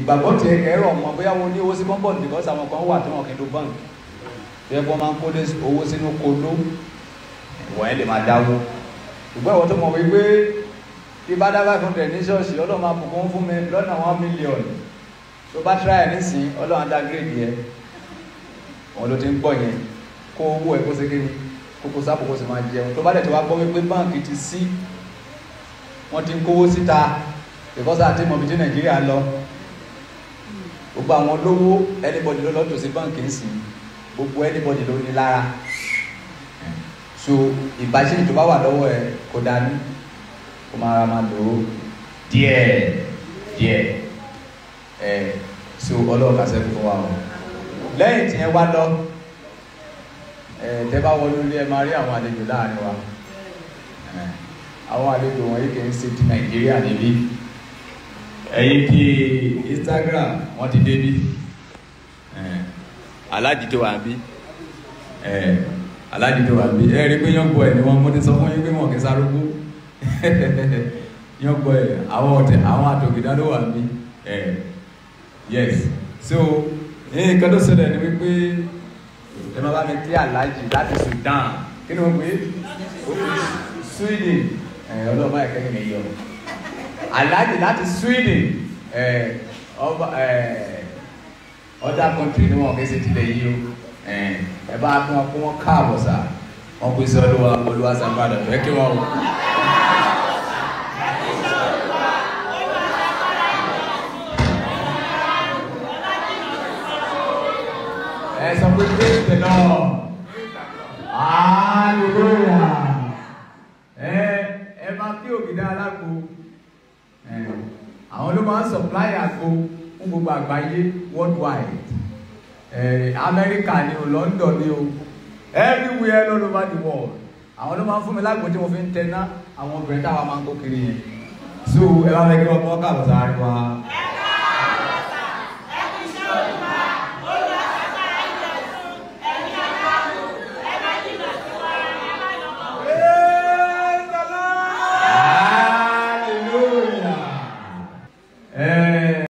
ìgbàgbọ́ ti ẹ̀rọ ọmọ bóyá wọn ní owó sí bọ́ńbọ̀n because àwọn kan wà tí wọn kì í lo bọ́ǹkì tó yẹ kó máa ń kó owó sínú kodó ìwọ̀n yẹn lè máa dáwó ìgbọ́ ìwọ́n tó mọ̀ wípé bí bá dá five hundred ní ṣọ́ọ̀ṣì ọlọ́run máa bùkún fún mi lọ́nà one million tó bá try nísìnyí ọlọ́run á dá grade yẹn ló ti ń gbọ́ yẹn kó owó ẹ̀ kó ṣe kókó sápò kó sì máa jẹun tó gbogbo àwọn olówó anybody ló lọ́dún sí báǹkì ńsì gbogbo anybody ló ní lára so ìbáṣe ìjọba wà lọ́wọ́ ẹ kò dání kó máa ra máa lò ó díẹ̀ díẹ̀ ẹ so ọlọ́run kà sẹ́kù fún wa o lẹ́yìn tí ẹ wá lọ ẹ tẹ bá wọlé orí ẹ máa rí àwọn àlejò láàrin wa àwọn àlejò wọ̀nyí kì í ṣe ti nàìjíríà níbí ẹ̀yin ti Instagram wọ́n ti dé bí aláàjì tó wà bí aláàjì tó wà bí ẹ rí pé yọ̀ǹgbọ ẹ̀ ni wọ́n mo ti sọ fún yín pé wọ́n kì í sarógbó yọ̀ǹgbọ ẹ̀ àwọn ọ̀tẹ̀ àwọn àtòkìdá ló wà bí yes so nǹkan tó ṣẹlẹ̀ ni wípé ẹ máa bá mi kí aláàjì láti Sudan kí ni wọ́n pè é Sweden ọlọ́ọ̀bá ẹ̀kẹ́ kẹ̀kẹ́ yọ̀ aláàjì láti Sweden eh, ọ̀dà kọ̀ntì eh, ni wọn kì í ṣe tilẹ̀ yìí o eh, ẹ bá kí wọn kó wọn káàbọ̀ sá wọn kò sí olúwa olúwa sàmbàdàn ẹ kí wọn o. ẹ sọ pé praise the Lord hallelujah. àwọn ló máa ń supply àgbo fún gbogbo àgbáyé worldwide eh, amẹ́ríkà ni o london ni o everywhere all over the world àwọn ló máa ń fún mi lágbo tí mo fi ń tẹná àwọn obìnrin táwa máa ń kó kiri yẹn so ẹ bá fẹ́ kí wọ́n kọ́ kàbọ̀sá wa.